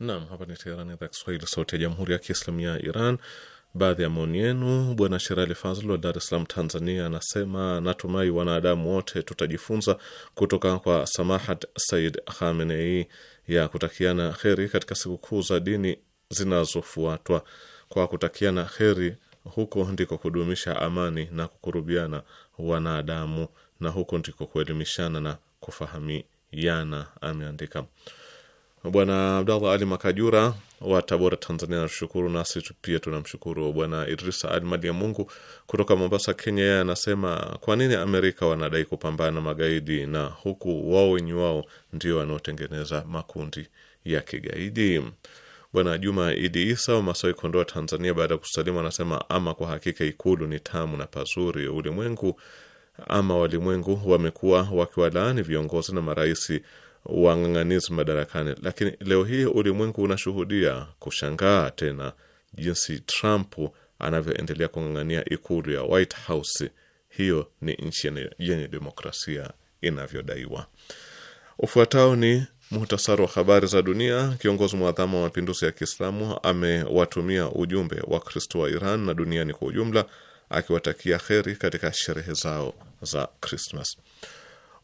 Naam, hapa ni Teherani, idhaa Kiswahili, sauti ya jamhuri ya kiislamu ya Iran baadhi ya maoni yenu. Bwana Sherali Fazl wa Dar es Salaam, Tanzania, anasema natumai wanadamu wote tutajifunza kutoka kwa Samahat Said Khamenei ya kutakiana heri katika sikukuu za dini zinazofuatwa. Kwa kutakiana heri, huko ndiko kudumisha amani na kukurubiana wanadamu, na huko ndiko kuelimishana na kufahamiana, ameandika Bwana Abdallah Ali Makajura wa Tabora, Tanzania, anatushukuru nasi pia tunamshukuru. Bwana Idrisa Almadi ya Mungu kutoka Mombasa, Kenya, yeye anasema kwa nini Amerika wanadai kupambana magaidi na huku wao wenye wao ndio wanaotengeneza makundi ya kigaidi? Bwana Juma Idi Isa wa Masawi, Kondoa, Tanzania, baada ya kusalimu anasema ama kwa hakika Ikulu ni tamu na pazuri. Ulimwengu ama walimwengu wamekuwa wakiwalaani viongozi na maraisi wang'ang'anizi madarakani, lakini leo hii ulimwengu unashuhudia kushangaa tena jinsi Trump anavyoendelea kung'ang'ania ikulu ya White House. Hiyo ni nchi yenye demokrasia inavyodaiwa. Ufuatao ni muhtasari wa habari za dunia. Kiongozi mwadhamu wa mapinduzi ya Kiislamu amewatumia ujumbe wa Kristo wa Iran na duniani kwa ujumla akiwatakia kheri katika sherehe zao za Krismas.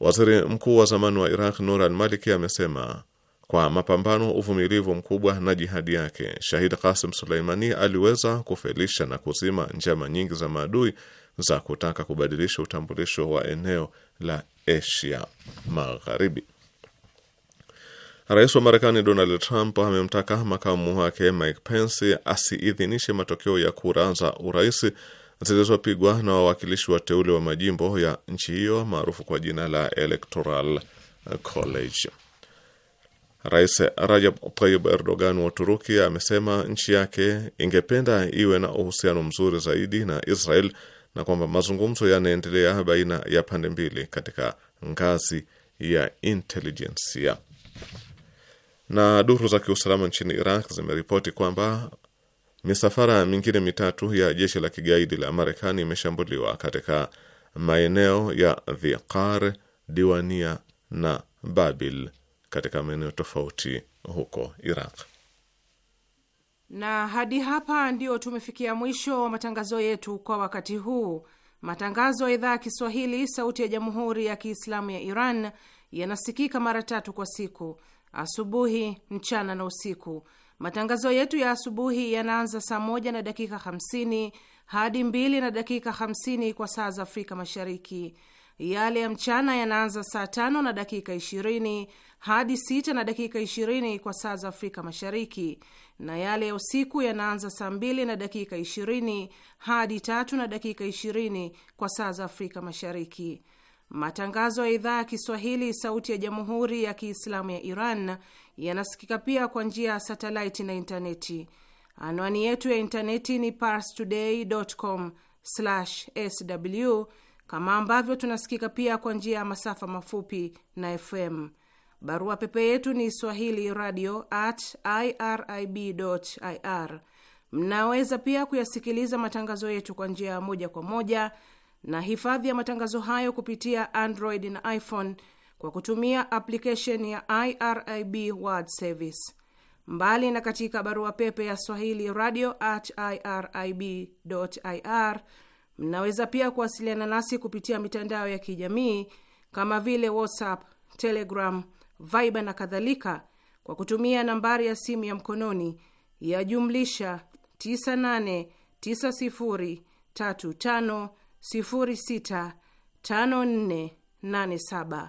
Waziri mkuu wa zamani wa Iraq Nur al-Maliki amesema kwa mapambano, uvumilivu mkubwa na jihadi yake, shahid Qasim Suleimani aliweza kufelisha na kuzima njama nyingi za maadui za kutaka kubadilisha utambulisho wa eneo la Asia Magharibi. Rais wa Marekani Donald Trump amemtaka makamu wake Mike Pence asiidhinishe matokeo ya kura za urais zilizopigwa na wawakilishi wateule wa majimbo ya nchi hiyo maarufu kwa jina la Electoral College. Rais Rajab Tayyip Erdogan wa Uturuki amesema nchi yake ingependa iwe na uhusiano mzuri zaidi na Israel na kwamba mazungumzo yanaendelea baina ya pande mbili katika ngazi ya intelijensia. Na duru za kiusalama nchini Iraq zimeripoti kwamba Misafara mingine mitatu ya jeshi la kigaidi la Marekani imeshambuliwa katika maeneo ya Dhiqar, Diwania na Babil katika maeneo tofauti huko Iraq. Na hadi hapa ndio tumefikia mwisho wa matangazo yetu kwa wakati huu. Matangazo ya idhaa ya Kiswahili sauti ya Jamhuri ya Kiislamu ya Iran yanasikika mara tatu kwa siku: asubuhi, mchana na usiku. Matangazo yetu ya asubuhi yanaanza saa moja na dakika hamsini hadi mbili na dakika hamsini kwa saa za Afrika Mashariki. Yale ya mchana yanaanza saa tano na dakika ishirini hadi sita na dakika ishirini kwa saa za Afrika Mashariki, na yale ya usiku yanaanza saa mbili na dakika ishirini hadi tatu na dakika ishirini kwa saa za Afrika Mashariki. Matangazo ya idhaa ya Kiswahili sauti ya Jamhuri ya Kiislamu ya Iran yanasikika pia kwa njia ya satelaiti na intaneti. Anwani yetu ya intaneti ni parstoday.com/sw, kama ambavyo tunasikika pia kwa njia ya masafa mafupi na FM. Barua pepe yetu ni swahili radio at irib ir. Mnaweza pia kuyasikiliza matangazo yetu kwa njia ya moja kwa moja na hifadhi ya matangazo hayo kupitia Android na iPhone kwa kutumia application ya IRIB World Service, mbali na katika barua pepe ya Swahili radio at irib ir. Mnaweza pia kuwasiliana nasi kupitia mitandao ya kijamii kama vile WhatsApp, Telegram, Viber na kadhalika, kwa kutumia nambari ya simu ya mkononi ya jumlisha 989035065487.